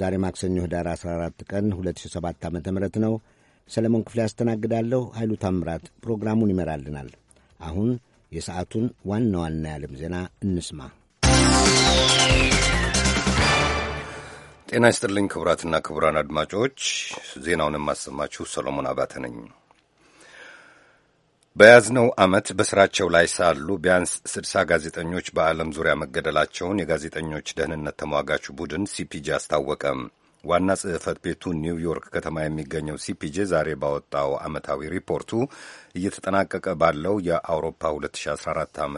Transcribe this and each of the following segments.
ዛሬ ማክሰኞ ህዳር 14 ቀን 2007 ዓ ም ነው። ሰለሞን ክፍሌ ያስተናግዳለሁ። ኃይሉ ታምራት ፕሮግራሙን ይመራልናል። አሁን የሰዓቱን ዋና ዋና የዓለም ዜና እንስማ። ጤና ይስጥልኝ ክቡራትና ክቡራን አድማጮች ዜናውን የማሰማችሁ ሰሎሞን አባተ ነኝ። በያዝነው ዓመት በሥራቸው ላይ ሳሉ ቢያንስ ስድሳ ጋዜጠኞች በዓለም ዙሪያ መገደላቸውን የጋዜጠኞች ደህንነት ተሟጋች ቡድን ሲፒጂ አስታወቀ። ዋና ጽሕፈት ቤቱ ኒውዮርክ ከተማ የሚገኘው ሲፒጄ ዛሬ ባወጣው ዓመታዊ ሪፖርቱ እየተጠናቀቀ ባለው የአውሮፓ 2014 ዓ ም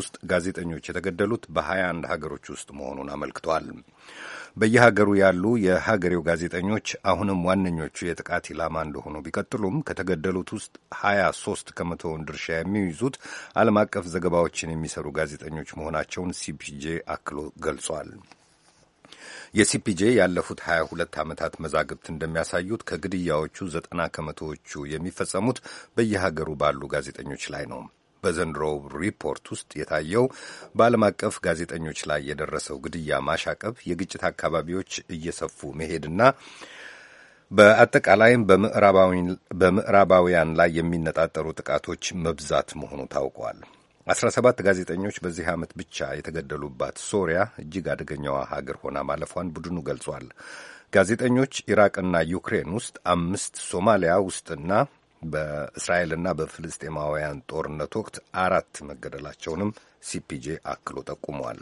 ውስጥ ጋዜጠኞች የተገደሉት በ21 ሀገሮች ውስጥ መሆኑን አመልክቷል። በየሀገሩ ያሉ የሀገሬው ጋዜጠኞች አሁንም ዋነኞቹ የጥቃት ኢላማ እንደሆኑ ቢቀጥሉም ከተገደሉት ውስጥ 23 ከመቶውን ድርሻ የሚይዙት ዓለም አቀፍ ዘገባዎችን የሚሰሩ ጋዜጠኞች መሆናቸውን ሲፒጄ አክሎ ገልጿል። የሲፒጄ ያለፉት 22 ዓመታት መዛግብት እንደሚያሳዩት ከግድያዎቹ ዘጠና ከመቶዎቹ የሚፈጸሙት በየሀገሩ ባሉ ጋዜጠኞች ላይ ነው። በዘንድሮው ሪፖርት ውስጥ የታየው በዓለም አቀፍ ጋዜጠኞች ላይ የደረሰው ግድያ ማሻቀብ፣ የግጭት አካባቢዎች እየሰፉ መሄድና በአጠቃላይም በምዕራባውያን ላይ የሚነጣጠሩ ጥቃቶች መብዛት መሆኑ ታውቋል። 17 ጋዜጠኞች በዚህ ዓመት ብቻ የተገደሉባት ሶሪያ እጅግ አደገኛዋ ሀገር ሆና ማለፏን ቡድኑ ገልጿል። ጋዜጠኞች ኢራቅና ዩክሬን ውስጥ አምስት፣ ሶማሊያ ውስጥና በእስራኤልና በፍልስጤማውያን ጦርነት ወቅት አራት መገደላቸውንም ሲፒጄ አክሎ ጠቁሟል።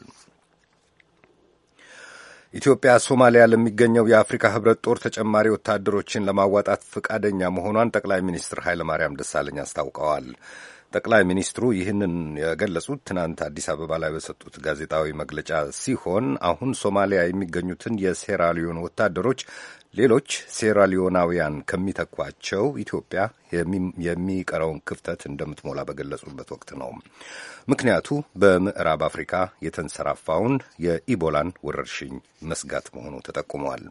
ኢትዮጵያ ሶማሊያ ለሚገኘው የአፍሪካ ህብረት ጦር ተጨማሪ ወታደሮችን ለማዋጣት ፈቃደኛ መሆኗን ጠቅላይ ሚኒስትር ኃይለማርያም ደሳለኝ አስታውቀዋል። ጠቅላይ ሚኒስትሩ ይህንን የገለጹት ትናንት አዲስ አበባ ላይ በሰጡት ጋዜጣዊ መግለጫ ሲሆን አሁን ሶማሊያ የሚገኙትን የሴራሊዮን ወታደሮች ሌሎች ሴራሊዮናውያን ከሚተኳቸው ኢትዮጵያ የሚቀረውን ክፍተት እንደምትሞላ በገለጹበት ወቅት ነው። ምክንያቱ በምዕራብ አፍሪካ የተንሰራፋውን የኢቦላን ወረርሽኝ መስጋት መሆኑ ተጠቁመዋል።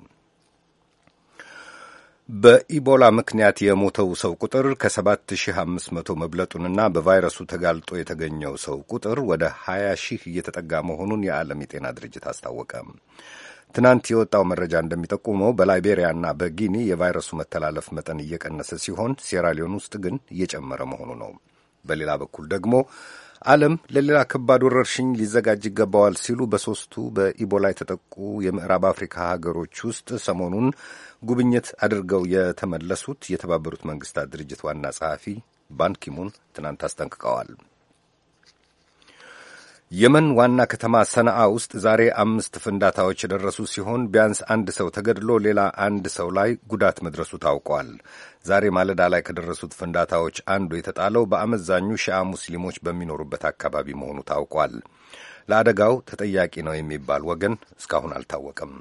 በኢቦላ ምክንያት የሞተው ሰው ቁጥር ከ7500 መብለጡንና በቫይረሱ ተጋልጦ የተገኘው ሰው ቁጥር ወደ 20 ሺህ እየተጠጋ መሆኑን የዓለም የጤና ድርጅት አስታወቀ። ትናንት የወጣው መረጃ እንደሚጠቁመው በላይቤሪያና በጊኒ የቫይረሱ መተላለፍ መጠን እየቀነሰ ሲሆን፣ ሴራሊዮን ውስጥ ግን እየጨመረ መሆኑ ነው። በሌላ በኩል ደግሞ ዓለም ለሌላ ከባድ ወረርሽኝ ሊዘጋጅ ይገባዋል ሲሉ በሦስቱ በኢቦላ የተጠቁ የምዕራብ አፍሪካ ሀገሮች ውስጥ ሰሞኑን ጉብኝት አድርገው የተመለሱት የተባበሩት መንግስታት ድርጅት ዋና ጸሐፊ ባንኪሙን ትናንት አስጠንቅቀዋል። የመን ዋና ከተማ ሰነአ ውስጥ ዛሬ አምስት ፍንዳታዎች የደረሱ ሲሆን ቢያንስ አንድ ሰው ተገድሎ ሌላ አንድ ሰው ላይ ጉዳት መድረሱ ታውቋል። ዛሬ ማለዳ ላይ ከደረሱት ፍንዳታዎች አንዱ የተጣለው በአመዛኙ ሺአ ሙስሊሞች በሚኖሩበት አካባቢ መሆኑ ታውቋል። ለአደጋው ተጠያቂ ነው የሚባል ወገን እስካሁን አልታወቀም።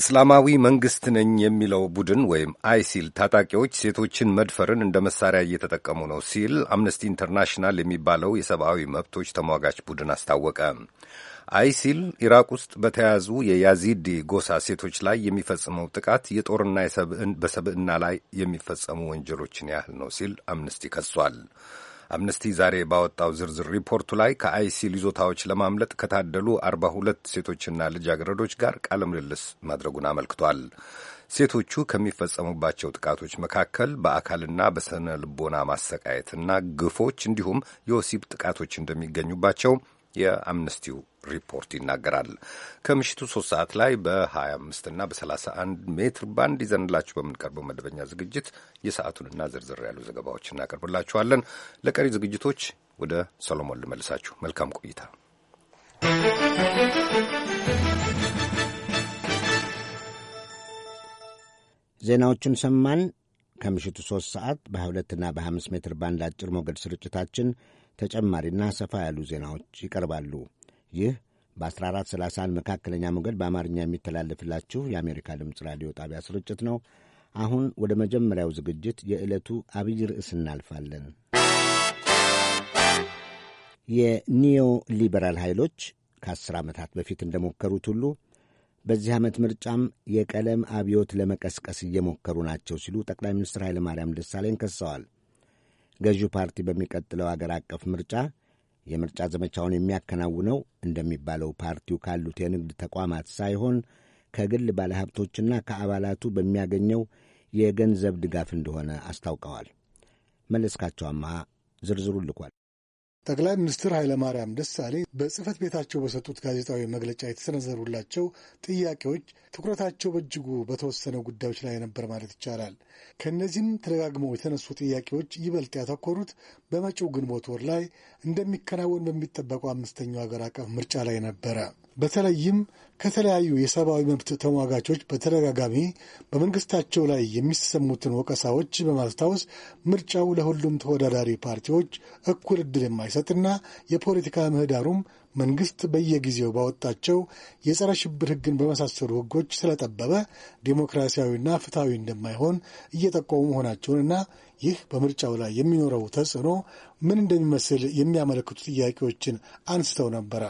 እስላማዊ መንግሥት ነኝ የሚለው ቡድን ወይም አይሲል ታጣቂዎች ሴቶችን መድፈርን እንደ መሳሪያ እየተጠቀሙ ነው ሲል አምነስቲ ኢንተርናሽናል የሚባለው የሰብአዊ መብቶች ተሟጋች ቡድን አስታወቀ። አይሲል ኢራቅ ውስጥ በተያዙ የያዚዲ ጎሳ ሴቶች ላይ የሚፈጽመው ጥቃት የጦርና በሰብዕና ላይ የሚፈጸሙ ወንጀሎችን ያህል ነው ሲል አምነስቲ ከሷል። አምነስቲ ዛሬ ባወጣው ዝርዝር ሪፖርቱ ላይ ከአይሲል ይዞታዎች ለማምለጥ ከታደሉ አርባ ሁለት ሴቶችና ልጃገረዶች ጋር ቃለ ምልልስ ማድረጉን አመልክቷል። ሴቶቹ ከሚፈጸሙባቸው ጥቃቶች መካከል በአካልና በስነ ልቦና ማሰቃየትና ግፎች እንዲሁም የወሲብ ጥቃቶች እንደሚገኙባቸው የአምነስቲው ሪፖርት ይናገራል። ከምሽቱ ሶስት ሰዓት ላይ በ25 እና በ31 ሜትር ባንድ ይዘንላችሁ በምንቀርበው መደበኛ ዝግጅት የሰዓቱንና ዝርዝር ያሉ ዘገባዎች እናቀርብላችኋለን። ለቀሪ ዝግጅቶች ወደ ሰሎሞን ልመልሳችሁ። መልካም ቆይታ። ዜናዎቹን ሰማን። ከምሽቱ ሶስት ሰዓት በ2 እና በ5 ሜትር ባንድ አጭር ሞገድ ስርጭታችን ተጨማሪና ሰፋ ያሉ ዜናዎች ይቀርባሉ። ይህ በ1431 መካከለኛ ሞገድ በአማርኛ የሚተላለፍላችሁ የአሜሪካ ድምፅ ራዲዮ ጣቢያ ስርጭት ነው። አሁን ወደ መጀመሪያው ዝግጅት የዕለቱ አብይ ርዕስ እናልፋለን። የኒዮ ሊበራል ኃይሎች ከአስር ዓመታት በፊት እንደሞከሩት ሁሉ በዚህ ዓመት ምርጫም የቀለም አብዮት ለመቀስቀስ እየሞከሩ ናቸው ሲሉ ጠቅላይ ሚኒስትር ኃይለማርያም ደሳለኝ ከሰዋል። ገዢው ፓርቲ በሚቀጥለው አገር አቀፍ ምርጫ የምርጫ ዘመቻውን የሚያከናውነው እንደሚባለው ፓርቲው ካሉት የንግድ ተቋማት ሳይሆን ከግል ባለሀብቶችና ከአባላቱ በሚያገኘው የገንዘብ ድጋፍ እንደሆነ አስታውቀዋል። መለስካቸው ዝርዝሩ ልኳል። ጠቅላይ ሚኒስትር ኃይለማርያም ደሳሌ በጽህፈት ቤታቸው በሰጡት ጋዜጣዊ መግለጫ የተሰነዘሩላቸው ጥያቄዎች ትኩረታቸው በእጅጉ በተወሰነ ጉዳዮች ላይ ነበር ማለት ይቻላል። ከእነዚህም ተደጋግመው የተነሱ ጥያቄዎች ይበልጥ ያተኮሩት በመጪው ግንቦት ወር ላይ እንደሚከናወን በሚጠበቀው አምስተኛው ሀገር አቀፍ ምርጫ ላይ ነበረ። በተለይም ከተለያዩ የሰብአዊ መብት ተሟጋቾች በተደጋጋሚ በመንግስታቸው ላይ የሚሰሙትን ወቀሳዎች በማስታወስ ምርጫው ለሁሉም ተወዳዳሪ ፓርቲዎች እኩል ዕድል የማይሰጥና የፖለቲካ ምህዳሩም መንግስት በየጊዜው ባወጣቸው የጸረ ሽብር ህግን በመሳሰሉ ህጎች ስለጠበበ ዴሞክራሲያዊና ፍትሐዊ እንደማይሆን እየጠቆሙ መሆናቸውንና ይህ በምርጫው ላይ የሚኖረው ተጽዕኖ ምን እንደሚመስል የሚያመለክቱ ጥያቄዎችን አንስተው ነበረ።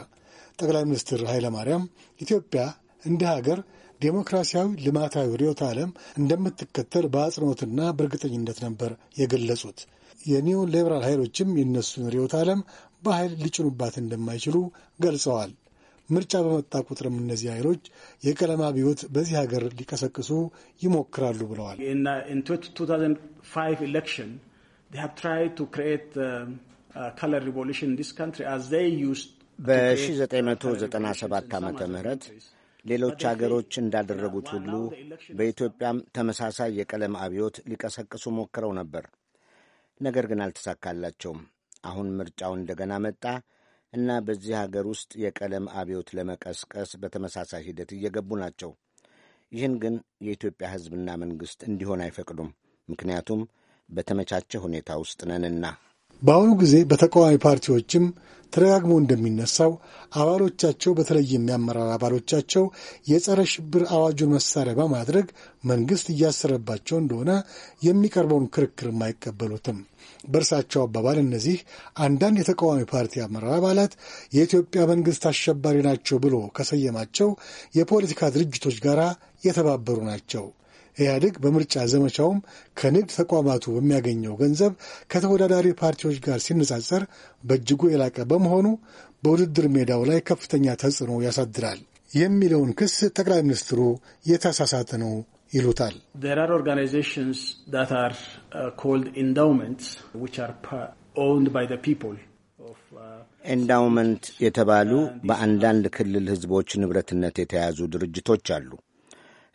ጠቅላይ ሚኒስትር ኃይለማርያም ኢትዮጵያ እንደ ሀገር ዴሞክራሲያዊ ልማታዊ ርዕዮተ ዓለም እንደምትከተል በአጽንኦትና በእርግጠኝነት ነበር የገለጹት። የኒዮ ሊበራል ኃይሎችም የእነሱን ርዕዮተ ዓለም በኃይል ሊጭኑባት እንደማይችሉ ገልጸዋል። ምርጫ በመጣ ቁጥርም እነዚህ ኃይሎች የቀለም አብዮት በዚህ ሀገር ሊቀሰቅሱ ይሞክራሉ ብለዋል። ዩስ በ1997 ዓ ም ሌሎች አገሮች እንዳደረጉት ሁሉ በኢትዮጵያም ተመሳሳይ የቀለም አብዮት ሊቀሰቅሱ ሞክረው ነበር። ነገር ግን አልተሳካላቸውም። አሁን ምርጫው እንደገና መጣ እና በዚህ አገር ውስጥ የቀለም አብዮት ለመቀስቀስ በተመሳሳይ ሂደት እየገቡ ናቸው። ይህን ግን የኢትዮጵያ ሕዝብና መንግሥት እንዲሆን አይፈቅዱም። ምክንያቱም በተመቻቸ ሁኔታ ውስጥ ነንና። በአሁኑ ጊዜ በተቃዋሚ ፓርቲዎችም ተደጋግሞ እንደሚነሳው አባሎቻቸው በተለይም የአመራር አባሎቻቸው የጸረ ሽብር አዋጁን መሳሪያ በማድረግ መንግስት እያሰረባቸው እንደሆነ የሚቀርበውን ክርክርም አይቀበሉትም። በእርሳቸው አባባል እነዚህ አንዳንድ የተቃዋሚ ፓርቲ አመራር አባላት የኢትዮጵያ መንግስት አሸባሪ ናቸው ብሎ ከሰየማቸው የፖለቲካ ድርጅቶች ጋር የተባበሩ ናቸው። ኢህአዴግ በምርጫ ዘመቻውም ከንግድ ተቋማቱ በሚያገኘው ገንዘብ ከተወዳዳሪ ፓርቲዎች ጋር ሲነጻጸር በእጅጉ የላቀ በመሆኑ በውድድር ሜዳው ላይ ከፍተኛ ተጽዕኖ ያሳድራል የሚለውን ክስ ጠቅላይ ሚኒስትሩ የተሳሳተ ነው ይሉታል። ኤንዳውመንት uh, uh, የተባሉ በአንዳንድ ክልል ህዝቦች ንብረትነት የተያዙ ድርጅቶች አሉ።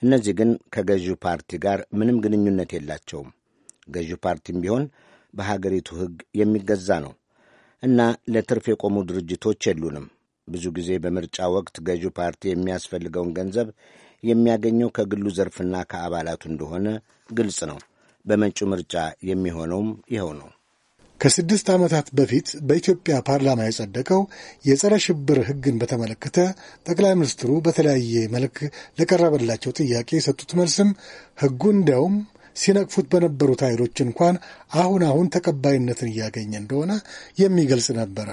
እነዚህ ግን ከገዢው ፓርቲ ጋር ምንም ግንኙነት የላቸውም። ገዢው ፓርቲም ቢሆን በሀገሪቱ ሕግ የሚገዛ ነው እና ለትርፍ የቆሙ ድርጅቶች የሉንም። ብዙ ጊዜ በምርጫ ወቅት ገዢው ፓርቲ የሚያስፈልገውን ገንዘብ የሚያገኘው ከግሉ ዘርፍና ከአባላቱ እንደሆነ ግልጽ ነው። በመጪው ምርጫ የሚሆነውም ይኸው ነው። ከስድስት ዓመታት በፊት በኢትዮጵያ ፓርላማ የጸደቀው የጸረ ሽብር ሕግን በተመለከተ ጠቅላይ ሚኒስትሩ በተለያየ መልክ ለቀረበላቸው ጥያቄ የሰጡት መልስም ሕጉ እንዲያውም ሲነቅፉት በነበሩት ኃይሎች እንኳን አሁን አሁን ተቀባይነትን እያገኘ እንደሆነ የሚገልጽ ነበረ።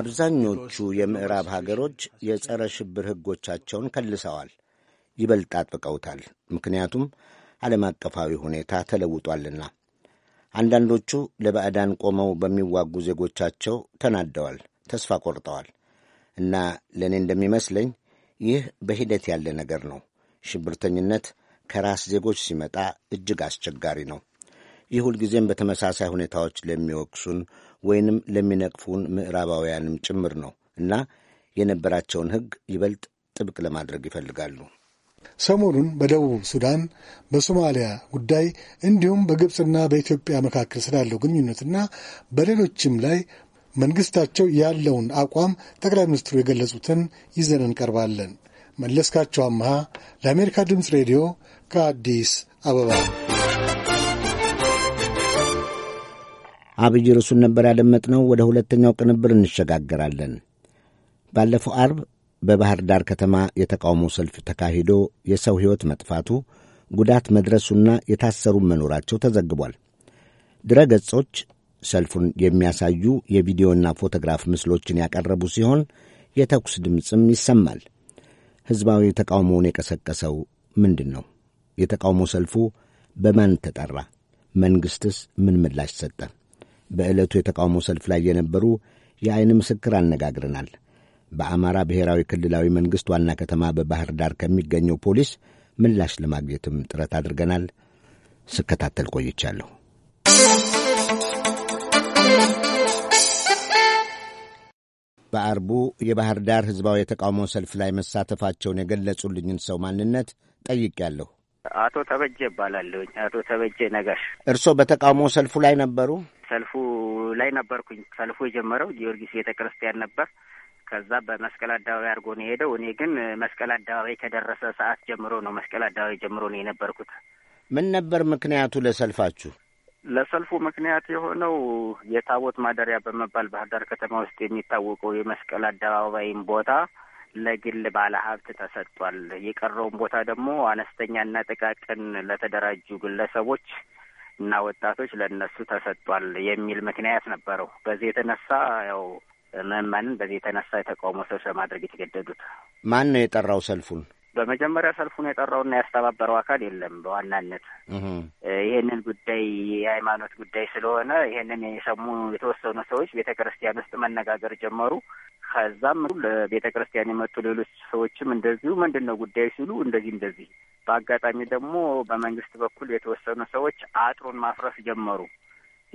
አብዛኞቹ የምዕራብ ሀገሮች የጸረ ሽብር ሕጎቻቸውን ከልሰዋል። ይበልጥ አጥብቀውታል። ምክንያቱም ዓለም አቀፋዊ ሁኔታ ተለውጧልና። አንዳንዶቹ ለባዕዳን ቆመው በሚዋጉ ዜጎቻቸው ተናደዋል፣ ተስፋ ቆርጠዋል። እና ለእኔ እንደሚመስለኝ ይህ በሂደት ያለ ነገር ነው። ሽብርተኝነት ከራስ ዜጎች ሲመጣ እጅግ አስቸጋሪ ነው። ይህ ሁልጊዜም በተመሳሳይ ሁኔታዎች ለሚወቅሱን ወይንም ለሚነቅፉን ምዕራባውያንም ጭምር ነው እና የነበራቸውን ሕግ ይበልጥ ጥብቅ ለማድረግ ይፈልጋሉ። ሰሞኑን በደቡብ ሱዳን በሶማሊያ ጉዳይ እንዲሁም በግብፅና በኢትዮጵያ መካከል ስላለው ግንኙነትና በሌሎችም ላይ መንግስታቸው ያለውን አቋም ጠቅላይ ሚኒስትሩ የገለጹትን ይዘን እንቀርባለን። መለስካቸው አምሃ ለአሜሪካ ድምፅ ሬዲዮ ከአዲስ አበባ። አብይ ርዕሱን ነበር ያደመጥነው። ወደ ሁለተኛው ቅንብር እንሸጋገራለን። ባለፈው አርብ በባህር ዳር ከተማ የተቃውሞ ሰልፍ ተካሂዶ የሰው ሕይወት መጥፋቱ ጉዳት መድረሱና የታሰሩ መኖራቸው ተዘግቧል። ድረ ገጾች ሰልፉን የሚያሳዩ የቪዲዮና ፎቶግራፍ ምስሎችን ያቀረቡ ሲሆን የተኩስ ድምፅም ይሰማል። ሕዝባዊ ተቃውሞውን የቀሰቀሰው ምንድን ነው? የተቃውሞ ሰልፉ በማን ተጠራ? መንግሥትስ ምን ምላሽ ሰጠ? በዕለቱ የተቃውሞ ሰልፍ ላይ የነበሩ የዐይን ምስክር አነጋግረናል። በአማራ ብሔራዊ ክልላዊ መንግሥት ዋና ከተማ በባህር ዳር ከሚገኘው ፖሊስ ምላሽ ለማግኘትም ጥረት አድርገናል። ስከታተል ቆይቻለሁ። በአርቡ የባህር ዳር ሕዝባዊ የተቃውሞ ሰልፍ ላይ መሳተፋቸውን የገለጹልኝን ሰው ማንነት ጠይቄያለሁ። አቶ ተበጀ እባላለሁ። አቶ ተበጀ ነጋሽ። እርስዎ በተቃውሞ ሰልፉ ላይ ነበሩ? ሰልፉ ላይ ነበርኩኝ። ሰልፉ የጀመረው ጊዮርጊስ ቤተ ክርስቲያን ነበር። ከዛ በመስቀል አደባባይ አድርጎ ነው የሄደው። እኔ ግን መስቀል አደባባይ ከደረሰ ሰዓት ጀምሮ ነው መስቀል አደባባይ ጀምሮ ነው የነበርኩት። ምን ነበር ምክንያቱ ለሰልፋችሁ? ለሰልፉ ምክንያት የሆነው የታቦት ማደሪያ በመባል ባህር ዳር ከተማ ውስጥ የሚታወቀው የመስቀል አደባባይም ቦታ ለግል ባለ ሀብት ተሰጥቷል። የቀረውን ቦታ ደግሞ አነስተኛና ጥቃቅን ለተደራጁ ግለሰቦች እና ወጣቶች ለእነሱ ተሰጥቷል የሚል ምክንያት ነበረው። በዚህ የተነሳ ያው ምዕመናንን በዚህ የተነሳ የተቃውሞ ሰልፍ ለማድረግ የተገደዱት። ማን ነው የጠራው ሰልፉን? በመጀመሪያ ሰልፉን የጠራውና ያስተባበረው አካል የለም። በዋናነት ይህንን ጉዳይ የሃይማኖት ጉዳይ ስለሆነ ይህንን የሰሙ የተወሰኑ ሰዎች ቤተ ክርስቲያን ውስጥ መነጋገር ጀመሩ። ከዛም ለቤተ ክርስቲያን የመጡ ሌሎች ሰዎችም እንደዚሁ ምንድን ነው ጉዳዩ ሲሉ እንደዚህ እንደዚህ። በአጋጣሚ ደግሞ በመንግስት በኩል የተወሰኑ ሰዎች አጥሩን ማፍረስ ጀመሩ።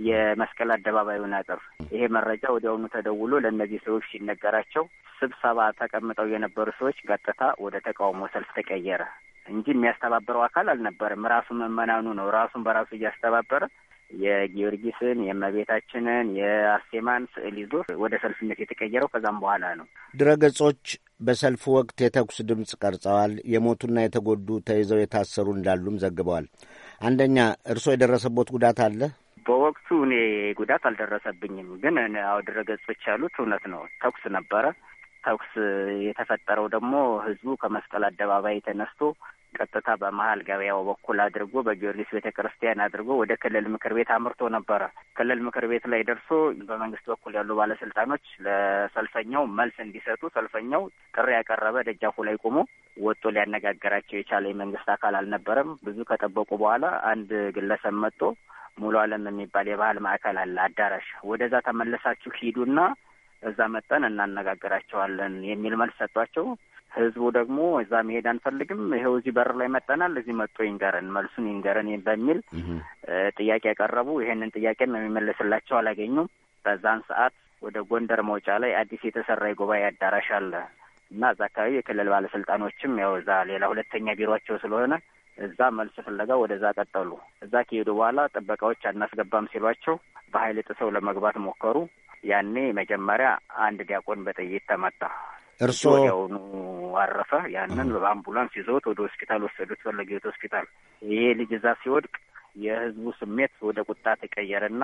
የመስቀል አደባባዩን አጥር ይሄ መረጃ ወዲያውኑ ተደውሎ ለእነዚህ ሰዎች ሲነገራቸው ስብሰባ ተቀምጠው የነበሩ ሰዎች ቀጥታ ወደ ተቃውሞ ሰልፍ ተቀየረ እንጂ የሚያስተባብረው አካል አልነበረም። ራሱ መመናኑ ነው። ራሱን በራሱ እያስተባበረ የጊዮርጊስን የእመቤታችንን የአርሴማን ስዕል ይዞ ወደ ሰልፍነት የተቀየረው ከዛም በኋላ ነው። ድረገጾች በሰልፉ ወቅት የተኩስ ድምፅ ቀርጸዋል። የሞቱና የተጎዱ ተይዘው የታሰሩ እንዳሉም ዘግበዋል። አንደኛ፣ እርስዎ የደረሰቦት ጉዳት አለ? በወቅቱ እኔ ጉዳት አልደረሰብኝም፣ ግን ያው ድረገጾች ያሉት እውነት ነው። ተኩስ ነበረ። ተኩስ የተፈጠረው ደግሞ ህዝቡ ከመስቀል አደባባይ ተነስቶ ቀጥታ በመሀል ገበያው በኩል አድርጎ በጊዮርጊስ ቤተ ክርስቲያን አድርጎ ወደ ክልል ምክር ቤት አምርቶ ነበረ። ክልል ምክር ቤት ላይ ደርሶ በመንግስት በኩል ያሉ ባለስልጣኖች ለሰልፈኛው መልስ እንዲሰጡ ሰልፈኛው ጥሪ ያቀረበ ደጃፉ ላይ ቆሞ ወጥቶ ሊያነጋገራቸው የቻለ የመንግስት አካል አልነበረም። ብዙ ከጠበቁ በኋላ አንድ ግለሰብ መጥቶ ሙሉ አለም የሚባል የባህል ማዕከል አለ አዳራሽ፣ ወደዛ ተመለሳችሁ ሂዱና እዛ መጠን እናነጋግራቸዋለን የሚል መልስ ሰጧቸው። ህዝቡ ደግሞ እዛ መሄድ አንፈልግም፣ ይኸው እዚህ በር ላይ መጠናል፣ እዚህ መጦ ይንገረን፣ መልሱን ይንገረን በሚል ጥያቄ ያቀረቡ። ይሄንን ነው የሚመለስላቸው አላገኙም። በዛን ሰዓት ወደ ጎንደር መውጫ ላይ አዲስ የተሰራ የጉባኤ አዳራሽ አለ እና እዛ አካባቢ የክልል ባለስልጣኖችም ያው እዛ ሌላ ሁለተኛ ቢሮቸው ስለሆነ እዛ መልስ ፍለጋ ወደዛ ቀጠሉ። እዛ ከሄዱ በኋላ ጥበቃዎች አናስገባም ሲሏቸው በኃይል ጥሰው ለመግባት ሞከሩ። ያኔ መጀመሪያ አንድ ዲያቆን በጥይት ተመታ። እርስዎ ወዲያውኑ አረፈ። ያንን በአምቡላንስ ይዘውት ወደ ሆስፒታል ወሰዱት፣ ፈለጌት ሆስፒታል። ይሄ ልጅ እዛ ሲወድቅ የህዝቡ ስሜት ወደ ቁጣ ተቀየረና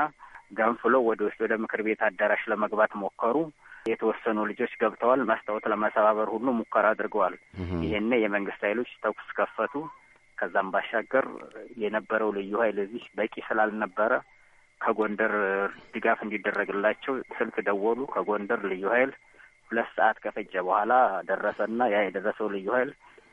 ገንፍሎ ወደ ውስጥ ወደ ምክር ቤት አዳራሽ ለመግባት ሞከሩ። የተወሰኑ ልጆች ገብተዋል። መስታወት ለመሰባበር ሁሉ ሙከራ አድርገዋል። ይሄኔ የመንግስት ኃይሎች ተኩስ ከፈቱ። ከዛም ባሻገር የነበረው ልዩ ኃይል እዚህ በቂ ስላልነበረ ከጎንደር ድጋፍ እንዲደረግላቸው ስልክ ደወሉ። ከጎንደር ልዩ ኃይል ሁለት ሰዓት ከፈጀ በኋላ ደረሰና ያ የደረሰው ልዩ ኃይል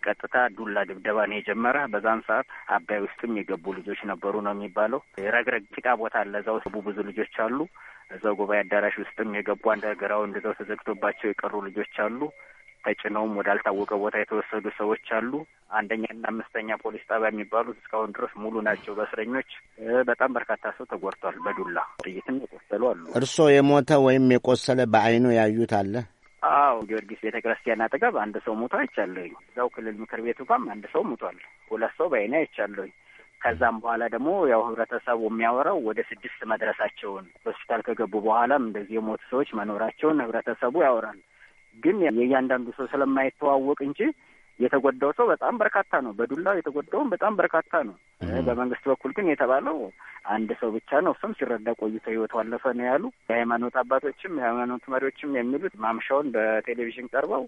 ቀጥታ ዱላ ድብደባ ነው የጀመረ። በዛን ሰዓት አባይ ውስጥም የገቡ ልጆች ነበሩ ነው የሚባለው። ረግረግ ጭቃ ቦታ አለ። እዛው ገቡ ብዙ ልጆች አሉ። እዛው ጉባኤ አዳራሽ ውስጥም የገቡ አንደርግራውንድ እዛው ተዘግቶባቸው የቀሩ ልጆች አሉ። ተጭነውም ወዳልታወቀ ቦታ የተወሰዱ ሰዎች አሉ። አንደኛና አምስተኛ ፖሊስ ጣቢያ የሚባሉት እስካሁን ድረስ ሙሉ ናቸው በእስረኞች። በጣም በርካታ ሰው ተጎድቷል። በዱላ ጥይትም የቆሰሉ አሉ። እርስዎ የሞተ ወይም የቆሰለ በአይኑ ያዩት አለ? አዎ፣ ጊዮርጊስ ቤተ ክርስቲያን አጠገብ አንድ ሰው ሞቶ አይቻለኝ። እዛው ክልል ምክር ቤቱ ጋም አንድ ሰው ሞቷል። ሁለት ሰው በአይኑ አይቻለኝ። ከዛም በኋላ ደግሞ ያው ህብረተሰቡ የሚያወራው ወደ ስድስት መድረሳቸውን ሆስፒታል ከገቡ በኋላም እንደዚህ የሞቱ ሰዎች መኖራቸውን ህብረተሰቡ ያወራል። ግን የእያንዳንዱ ሰው ስለማይተዋወቅ እንጂ የተጎዳው ሰው በጣም በርካታ ነው። በዱላ የተጎዳውም በጣም በርካታ ነው። በመንግስት በኩል ግን የተባለው አንድ ሰው ብቻ ነው። እሱም ሲረዳ ቆይቶ ህይወቱ አለፈ ነው ያሉ የሃይማኖት አባቶችም የሃይማኖት መሪዎችም የሚሉት ማምሻውን በቴሌቪዥን ቀርበው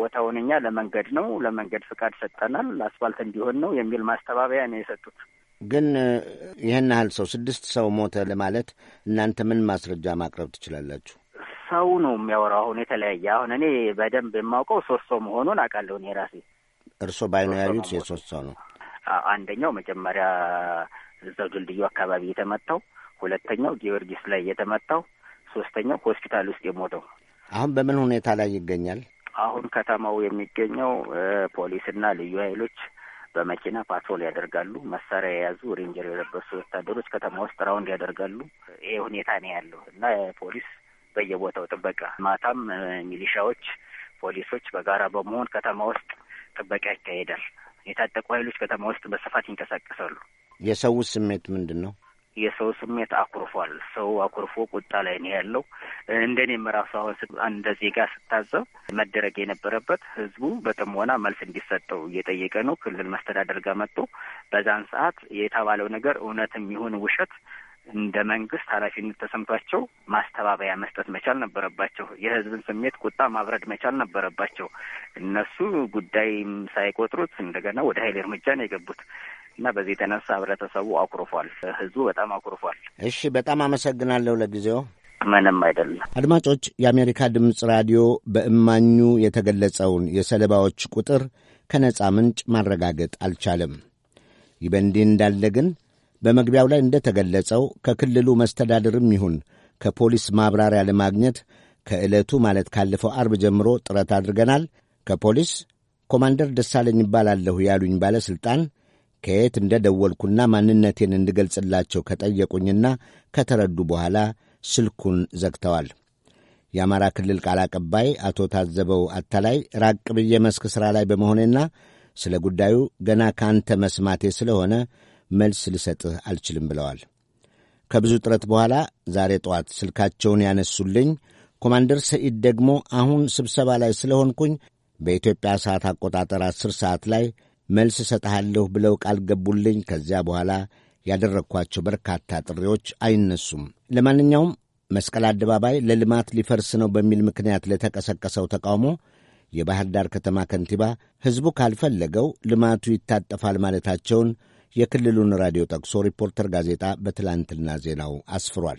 ቦታውን እኛ ለመንገድ ነው ለመንገድ ፍቃድ ሰጠናል ለአስፋልት እንዲሆን ነው የሚል ማስተባበያ ነው የሰጡት። ግን ይህን ያህል ሰው ስድስት ሰው ሞተ ለማለት እናንተ ምን ማስረጃ ማቅረብ ትችላላችሁ? ሰው ነው የሚያወራው። አሁን የተለያየ አሁን እኔ በደንብ የማውቀው ሶስት ሰው መሆኑን አውቃለሁ እኔ ራሴ። እርስዎ ባይኖ ያዩት የሶስት ሰው ነው። አንደኛው መጀመሪያ እዛው ድልድዩ አካባቢ የተመታው፣ ሁለተኛው ጊዮርጊስ ላይ የተመታው፣ ሶስተኛው ሆስፒታል ውስጥ የሞተው። አሁን በምን ሁኔታ ላይ ይገኛል? አሁን ከተማው የሚገኘው ፖሊስና ልዩ ኃይሎች በመኪና ፓትሮል ያደርጋሉ። መሳሪያ የያዙ ሬንጀር የለበሱ ወታደሮች ከተማ ውስጥ ራውንድ ያደርጋሉ። ይሄ ሁኔታ ነው ያለው እና ፖሊስ በየቦታው ጥበቃ ማታም ሚሊሻዎች፣ ፖሊሶች በጋራ በመሆን ከተማ ውስጥ ጥበቃ ይካሄዳል። የታጠቁ ኃይሎች ከተማ ውስጥ በስፋት ይንቀሳቀሳሉ። የሰው ስሜት ምንድን ነው? የሰው ስሜት አኩርፏል። ሰው አኩርፎ ቁጣ ላይ ነው ያለው። እንደኔም ራሱ አሁን እንደ ዜጋ ስታዘብ መደረግ የነበረበት ህዝቡ በጥሞና መልስ እንዲሰጠው እየጠየቀ ነው። ክልል መስተዳደር ጋር መጥቶ በዛን ሰዓት የተባለው ነገር እውነትም ይሁን ውሸት እንደ መንግስት ኃላፊነት ተሰምቷቸው ማስተባበያ መስጠት መቻል ነበረባቸው። የህዝብን ስሜት ቁጣ ማብረድ መቻል ነበረባቸው። እነሱ ጉዳይም ሳይቆጥሩት እንደገና ወደ ኃይል እርምጃ ነው የገቡት እና በዚህ የተነሳ ህብረተሰቡ አኩርፏል። ህዝቡ በጣም አኩርፏል። እሺ፣ በጣም አመሰግናለሁ ለጊዜው። ምንም አይደለም። አድማጮች፣ የአሜሪካ ድምፅ ራዲዮ በእማኙ የተገለጸውን የሰለባዎች ቁጥር ከነጻ ምንጭ ማረጋገጥ አልቻለም። ይህ በእንዲህ እንዳለ ግን በመግቢያው ላይ እንደተገለጸው ከክልሉ መስተዳድርም ይሁን ከፖሊስ ማብራሪያ ለማግኘት ከዕለቱ ማለት ካለፈው አርብ ጀምሮ ጥረት አድርገናል። ከፖሊስ ኮማንደር ደሳለኝ ይባላለሁ ያሉኝ ባለሥልጣን ከየት እንደ ደወልኩና ማንነቴን እንድገልጽላቸው ከጠየቁኝና ከተረዱ በኋላ ስልኩን ዘግተዋል። የአማራ ክልል ቃል አቀባይ አቶ ታዘበው አታላይ ራቅ ብዬ መስክ ሥራ ላይ በመሆኔና ስለ ጉዳዩ ገና ከአንተ መስማቴ ስለሆነ መልስ ልሰጥህ አልችልም ብለዋል። ከብዙ ጥረት በኋላ ዛሬ ጠዋት ስልካቸውን ያነሱልኝ ኮማንደር ሰኢድ ደግሞ አሁን ስብሰባ ላይ ስለሆንኩኝ በኢትዮጵያ ሰዓት አቆጣጠር አስር ሰዓት ላይ መልስ እሰጥሃለሁ ብለው ቃል ገቡልኝ። ከዚያ በኋላ ያደረግኳቸው በርካታ ጥሪዎች አይነሱም። ለማንኛውም መስቀል አደባባይ ለልማት ሊፈርስ ነው በሚል ምክንያት ለተቀሰቀሰው ተቃውሞ የባህር ዳር ከተማ ከንቲባ ሕዝቡ ካልፈለገው ልማቱ ይታጠፋል ማለታቸውን የክልሉን ራዲዮ ጠቅሶ ሪፖርተር ጋዜጣ በትላንትና ዜናው አስፍሯል።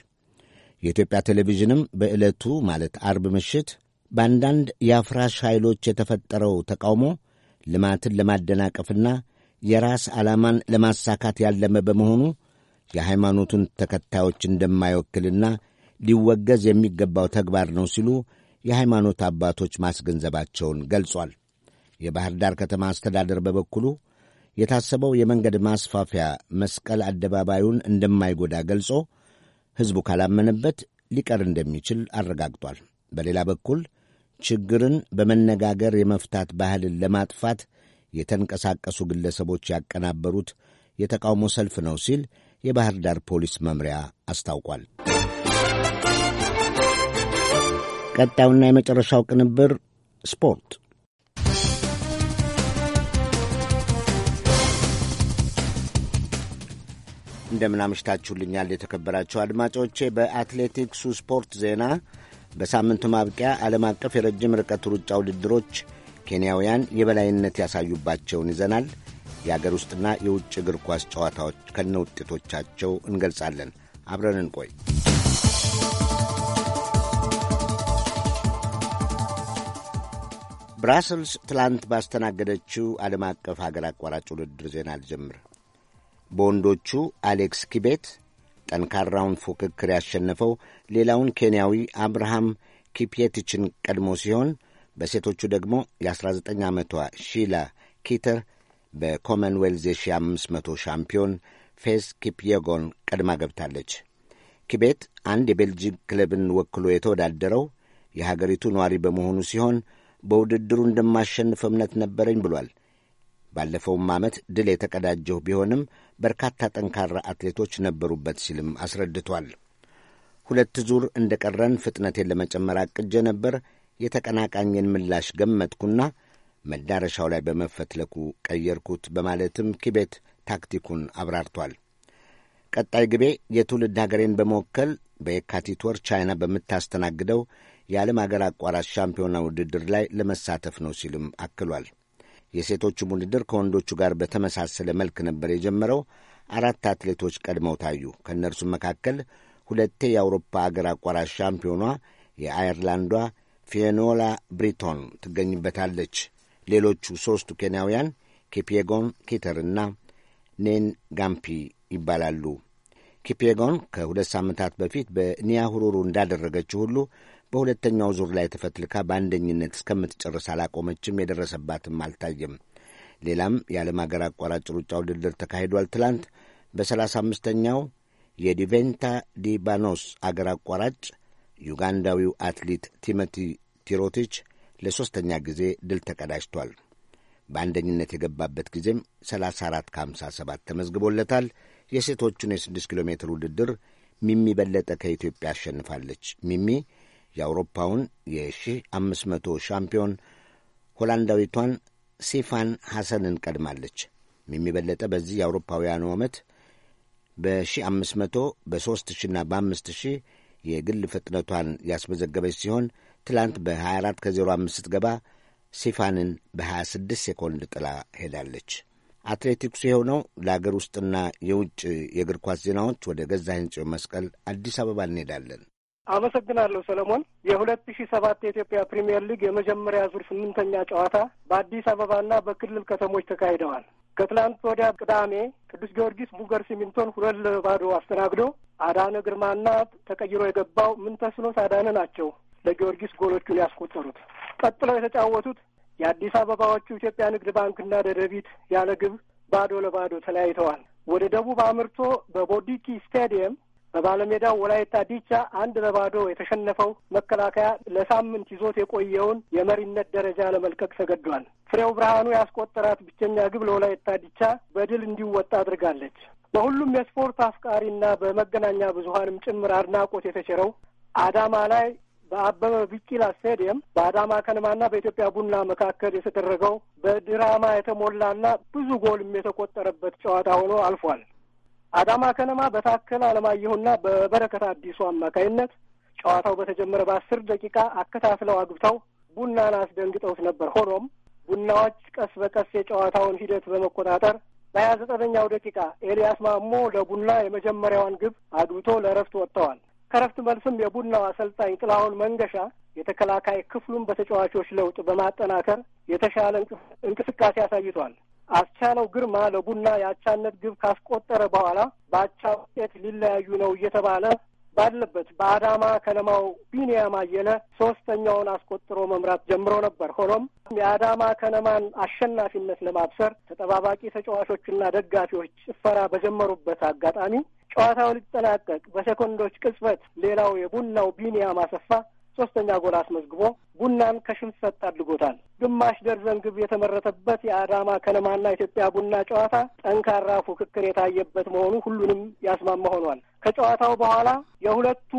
የኢትዮጵያ ቴሌቪዥንም በዕለቱ ማለት አርብ ምሽት በአንዳንድ የአፍራሽ ኃይሎች የተፈጠረው ተቃውሞ ልማትን ለማደናቀፍና የራስ ዓላማን ለማሳካት ያለመ በመሆኑ የሃይማኖቱን ተከታዮች እንደማይወክልና ሊወገዝ የሚገባው ተግባር ነው ሲሉ የሃይማኖት አባቶች ማስገንዘባቸውን ገልጿል። የባሕር ዳር ከተማ አስተዳደር በበኩሉ የታሰበው የመንገድ ማስፋፊያ መስቀል አደባባዩን እንደማይጎዳ ገልጾ ሕዝቡ ካላመነበት ሊቀር እንደሚችል አረጋግጧል። በሌላ በኩል ችግርን በመነጋገር የመፍታት ባህልን ለማጥፋት የተንቀሳቀሱ ግለሰቦች ያቀናበሩት የተቃውሞ ሰልፍ ነው ሲል የባህር ዳር ፖሊስ መምሪያ አስታውቋል። ቀጣዩና የመጨረሻው ቅንብር ስፖርት እንደምን አምሽታችሁልኛል የተከበራችሁ አድማጮቼ። በአትሌቲክሱ ስፖርት ዜና በሳምንቱ ማብቂያ ዓለም አቀፍ የረጅም ርቀት ሩጫ ውድድሮች ኬንያውያን የበላይነት ያሳዩባቸውን ይዘናል። የአገር ውስጥና የውጭ እግር ኳስ ጨዋታዎች ከነ ውጤቶቻቸው እንገልጻለን። አብረን እንቆይ። ብራስልስ ትላንት ባስተናገደችው ዓለም አቀፍ ሀገር አቋራጭ ውድድር ዜና ልጀምር። በወንዶቹ አሌክስ ኪቤት ጠንካራውን ፉክክር ያሸነፈው ሌላውን ኬንያዊ አብርሃም ኪፕየቲችን ቀድሞ ሲሆን በሴቶቹ ደግሞ የ19 ዓመቷ ሺላ ኪተር በኮመንዌልዝ የ1500 ሻምፒዮን ፌስ ኪፕየጎን ቀድማ ገብታለች። ኪቤት አንድ የቤልጂክ ክለብን ወክሎ የተወዳደረው የሀገሪቱ ነዋሪ በመሆኑ ሲሆን በውድድሩ እንደማሸንፍ እምነት ነበረኝ ብሏል። ባለፈውም ዓመት ድል የተቀዳጀሁ ቢሆንም በርካታ ጠንካራ አትሌቶች ነበሩበት ሲልም አስረድቷል። ሁለት ዙር እንደ ቀረን ፍጥነቴን ለመጨመር አቅጄ ነበር። የተቀናቃኝን ምላሽ ገመትኩና መዳረሻው ላይ በመፈትለኩ ቀየርኩት በማለትም ኪቤት ታክቲኩን አብራርቷል። ቀጣይ ግቤ የትውልድ ሀገሬን በመወከል በየካቲት ወር ቻይና በምታስተናግደው የዓለም አገር አቋራጭ ሻምፒዮና ውድድር ላይ ለመሳተፍ ነው ሲልም አክሏል። የሴቶቹም ውድድር ከወንዶቹ ጋር በተመሳሰለ መልክ ነበር የጀመረው። አራት አትሌቶች ቀድመው ታዩ። ከእነርሱም መካከል ሁለቴ የአውሮፓ አገር አቋራጭ ሻምፒዮኗ የአየርላንዷ ፌኖላ ብሪቶን ትገኝበታለች። ሌሎቹ ሦስቱ ኬንያውያን ኪፒየጎን ኪተርና ኔን ጋምፒ ይባላሉ። ኪፒየጎን ከሁለት ሳምንታት በፊት በኒያሁሩሩ እንዳደረገችው ሁሉ በሁለተኛው ዙር ላይ ተፈትልካ በአንደኝነት እስከምትጨርስ አላቆመችም። የደረሰባትም አልታየም። ሌላም የዓለም አገር አቋራጭ ሩጫ ውድድር ተካሂዷል። ትላንት በሰላሳ አምስተኛው የዲቬንታ ዲባኖስ አገር አቋራጭ ዩጋንዳዊው አትሌት ቲሞቲ ቲሮቲች ለሦስተኛ ጊዜ ድል ተቀዳጅቷል። በአንደኝነት የገባበት ጊዜም 34 ከ57 ተመዝግቦለታል። የሴቶቹን የ6 ኪሎ ሜትር ውድድር ሚሚ በለጠ ከኢትዮጵያ አሸንፋለች። ሚሚ የአውሮፓውን የ1500 ሻምፒዮን ሆላንዳዊቷን ሲፋን ሐሰንን ቀድማለች። የሚበለጠ በዚህ የአውሮፓውያኑ ዓመት በ1500 በ3000ና በ5000 የግል ፍጥነቷን ያስመዘገበች ሲሆን ትላንት በ24 ከ05 ስትገባ ሲፋንን በ26 ሴኮንድ ጥላ ሄዳለች። አትሌቲክሱ የሆነው ለአገር ውስጥና የውጭ የእግር ኳስ ዜናዎች ወደ ገዛ ጽዮን መስቀል አዲስ አበባ እንሄዳለን። አመሰግናለሁ ሰለሞን። የሁለት ሺ ሰባት የኢትዮጵያ ፕሪምየር ሊግ የመጀመሪያ ዙር ስምንተኛ ጨዋታ በአዲስ አበባና በክልል ከተሞች ተካሂደዋል። ከትላንት ወዲያ ቅዳሜ ቅዱስ ጊዮርጊስ ሙገር ሲሚንቶን ሁለት ለባዶ አስተናግዶ አዳነ ግርማና ተቀይሮ የገባው ምንተስኖት አዳነ ናቸው ለጊዮርጊስ ጎሎቹን ያስቆጠሩት። ቀጥለው የተጫወቱት የአዲስ አበባዎቹ ኢትዮጵያ ንግድ ባንክና ደደቢት ያለ ግብ ባዶ ለባዶ ተለያይተዋል። ወደ ደቡብ አምርቶ በቦዲኪ ስታዲየም በባለሜዳው ወላይታ ዲቻ አንድ ለባዶ የተሸነፈው መከላከያ ለሳምንት ይዞት የቆየውን የመሪነት ደረጃ ለመልቀቅ ተገዷል። ፍሬው ብርሃኑ ያስቆጠራት ብቸኛ ግብ ለወላይታ ዲቻ በድል እንዲወጣ አድርጋለች። በሁሉም የስፖርት አፍቃሪና በመገናኛ ብዙሀንም ጭምር አድናቆት የተቸረው አዳማ ላይ በአበበ ቢቂላ ስቴዲየም በአዳማ ከነማና በኢትዮጵያ ቡና መካከል የተደረገው በድራማ የተሞላና ብዙ ጎልም የተቆጠረበት ጨዋታ ሆኖ አልፏል። አዳማ ከነማ በታከለ አለማየሁና በበረከት አዲሱ አማካይነት ጨዋታው በተጀመረ በአስር ደቂቃ አከታትለው አግብተው ቡናን አስደንግጠውት ነበር። ሆኖም ቡናዎች ቀስ በቀስ የጨዋታውን ሂደት በመቆጣጠር በሀያ ዘጠነኛው ደቂቃ ኤልያስ ማሞ ለቡና የመጀመሪያዋን ግብ አግብቶ ለእረፍት ወጥተዋል። ከእረፍት መልስም የቡናው አሰልጣኝ ጥላሁን መንገሻ የተከላካይ ክፍሉን በተጫዋቾች ለውጥ በማጠናከር የተሻለ እንቅስቃሴ አሳይቷል። አስቻለው ግርማ ለቡና የአቻነት ግብ ካስቆጠረ በኋላ በአቻ ውጤት ሊለያዩ ነው እየተባለ ባለበት በአዳማ ከነማው ቢኒያም አየለ ሶስተኛውን አስቆጥሮ መምራት ጀምሮ ነበር። ሆኖም የአዳማ ከነማን አሸናፊነት ለማብሰር ተጠባባቂ ተጫዋቾችና ደጋፊዎች ጭፈራ በጀመሩበት አጋጣሚ ጨዋታው ሊጠናቀቅ በሴኮንዶች ቅጽበት ሌላው የቡናው ቢኒያም አሰፋ ሶስተኛ ጎል አስመዝግቦ ቡናን ከሽንፈት አድልጎታል። ግማሽ ደርዘን ግብ የተመረተበት የአዳማ ከነማና ኢትዮጵያ ቡና ጨዋታ ጠንካራ ፉክክር የታየበት መሆኑ ሁሉንም ያስማማ ሆኗል። ከጨዋታው በኋላ የሁለቱ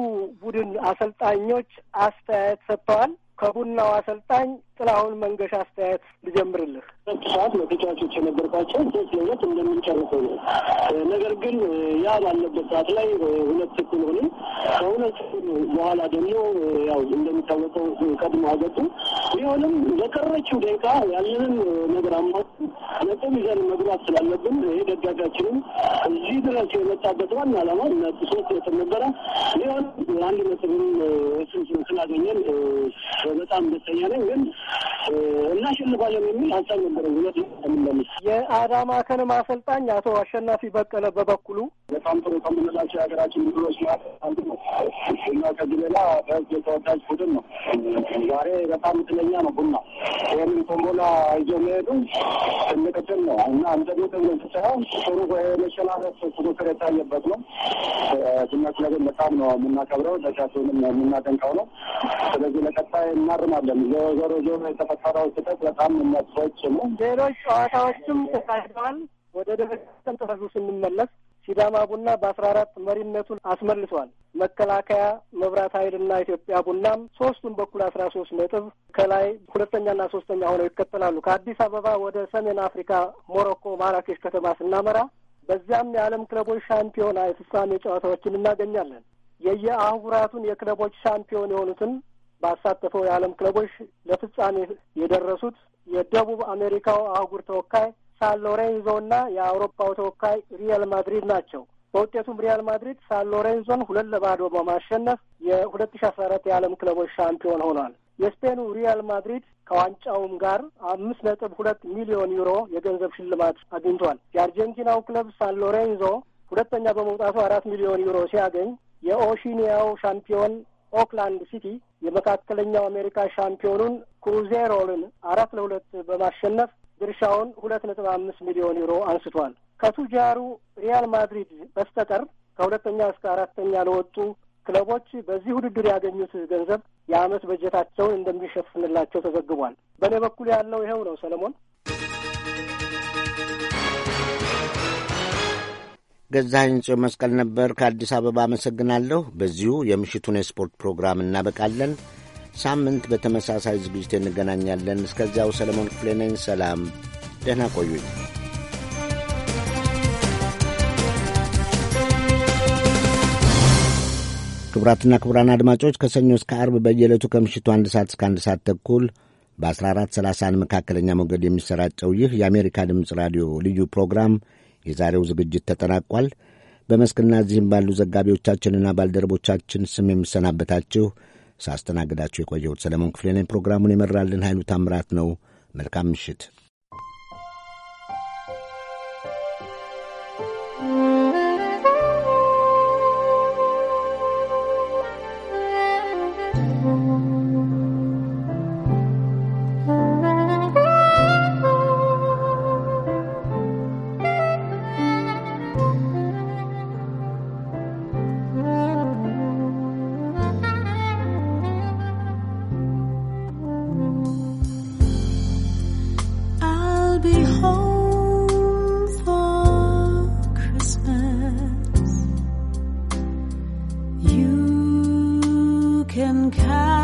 ቡድን አሰልጣኞች አስተያየት ሰጥተዋል። ከቡናው አሰልጣኝ ጥላሁን መንገሻ አስተያየት ልጀምርልህ። ሁለት ሰዓት ነው ተጫዋቾች የነበርኳቸው ሶስት ለሁለት እንደምንጨርሰው ነው። ነገር ግን ያ ባለበት ሰዓት ላይ ሁለት እኩል ሆኑ። ከሁለት በኋላ ደግሞ ያው እንደሚታወቀው ቀድሞ አገጡ። ቢሆንም ለቀረችው ደቂቃ ያለንን ነገር አማ ነጥብ ይዘን መግባት ስላለብን ይሄ ደጋፊያችንም እዚህ ድረስ የመጣበት ዋና ዓላማ ሶስት ነጥብ ነበረ። ቢሆንም አንድ ነጥብም ስላገኘን በጣም ደስተኛ ነኝ ግን እናሸንፋለን የሚል ሀሳብ ነበረ። ሁለት ምለምስ የአዳማ ከነማ አሰልጣኝ አቶ አሸናፊ በቀለ በበኩሉ በጣም ጥሩ ከምንላቸው የሀገራችን ምድሮች ማለት አንዱ ነው እና ከዚህ ሌላ በህዝብ የተወዳጅ ቡድን ነው። ዛሬ በጣም ትለኛ ነው ቡና ይህንን ቶሞላ ይዞ መሄዱ ትልቅ ድል ነው እና እንደሚ ተብሎ ሳይሆን ጥሩ መሸናነት ፉክክር የታየበት ነው። ትነት ነገር በጣም ነው የምናከብረው፣ ደጋፊውንም የምናደንቀው ነው። ስለዚህ ለቀጣይ እናርማለን ዞሮ ዞሮ የተፈጠረው ስህተት በጣም የሚያስቆጭ ነው። ሌሎች ጨዋታዎችም ተካሂደዋል። ወደ ደረጃ ተፈሱ ስንመለስ ሲዳማ ቡና በአስራ አራት መሪነቱን አስመልሷል። መከላከያ፣ መብራት ኃይልና ኢትዮጵያ ቡናም ሶስቱም በኩል አስራ ሶስት ነጥብ ከላይ ሁለተኛና ሶስተኛ ሆነው ይከተላሉ። ከአዲስ አበባ ወደ ሰሜን አፍሪካ ሞሮኮ ማራኬሽ ከተማ ስናመራ በዚያም የዓለም ክለቦች ሻምፒዮና የፍጻሜ ጨዋታዎችን እናገኛለን። የየአህጉራቱን የክለቦች ሻምፒዮን የሆኑትን ባሳተፈው የዓለም ክለቦች ለፍጻሜ የደረሱት የደቡብ አሜሪካው አህጉር ተወካይ ሳን ሎሬንዞ እና የአውሮፓው ተወካይ ሪያል ማድሪድ ናቸው። በውጤቱም ሪያል ማድሪድ ሳን ሎሬንዞን ሁለት ለባዶ በማሸነፍ የሁለት ሺ አስራ አራት የዓለም ክለቦች ሻምፒዮን ሆኗል። የስፔኑ ሪያል ማድሪድ ከዋንጫውም ጋር አምስት ነጥብ ሁለት ሚሊዮን ዩሮ የገንዘብ ሽልማት አግኝቷል። የአርጀንቲናው ክለብ ሳን ሎሬንዞ ሁለተኛ በመውጣቱ አራት ሚሊዮን ዩሮ ሲያገኝ የኦሺኒያው ሻምፒዮን ኦክላንድ ሲቲ የመካከለኛው አሜሪካ ሻምፒዮኑን ክሩዜሮልን አራት ለሁለት በማሸነፍ ድርሻውን ሁለት ነጥብ አምስት ሚሊዮን ዩሮ አንስቷል። ከቱጃሩ ሪያል ማድሪድ በስተቀር ከሁለተኛ እስከ አራተኛ ለወጡ ክለቦች በዚህ ውድድር ያገኙት ገንዘብ የዓመት በጀታቸውን እንደሚሸፍንላቸው ተዘግቧል። በእኔ በኩል ያለው ይኸው ነው ሰለሞን። ገዛኸኝ ጽዮን መስቀል ነበር ከአዲስ አበባ አመሰግናለሁ። በዚሁ የምሽቱን የስፖርት ፕሮግራም እናበቃለን። ሳምንት በተመሳሳይ ዝግጅት እንገናኛለን። እስከዚያው ሰለሞን ክፍሌ ነኝ። ሰላም፣ ደህና ቆዩኝ። ክቡራትና ክቡራን አድማጮች ከሰኞ እስከ አርብ በየዕለቱ ከምሽቱ አንድ ሰዓት እስከ አንድ ሰዓት ተኩል በ1431 መካከለኛ ሞገድ የሚሰራጨው ይህ የአሜሪካ ድምፅ ራዲዮ ልዩ ፕሮግራም የዛሬው ዝግጅት ተጠናቋል። በመስክና እዚህም ባሉ ዘጋቢዎቻችንና ባልደረቦቻችን ስም የምሰናበታችሁ ሳስተናግዳችሁ የቆየሁት ሰለሞን ክፍሌ ነኝ። ፕሮግራሙን የመራልን ኃይሉ ታምራት ነው። መልካም ምሽት። You can count.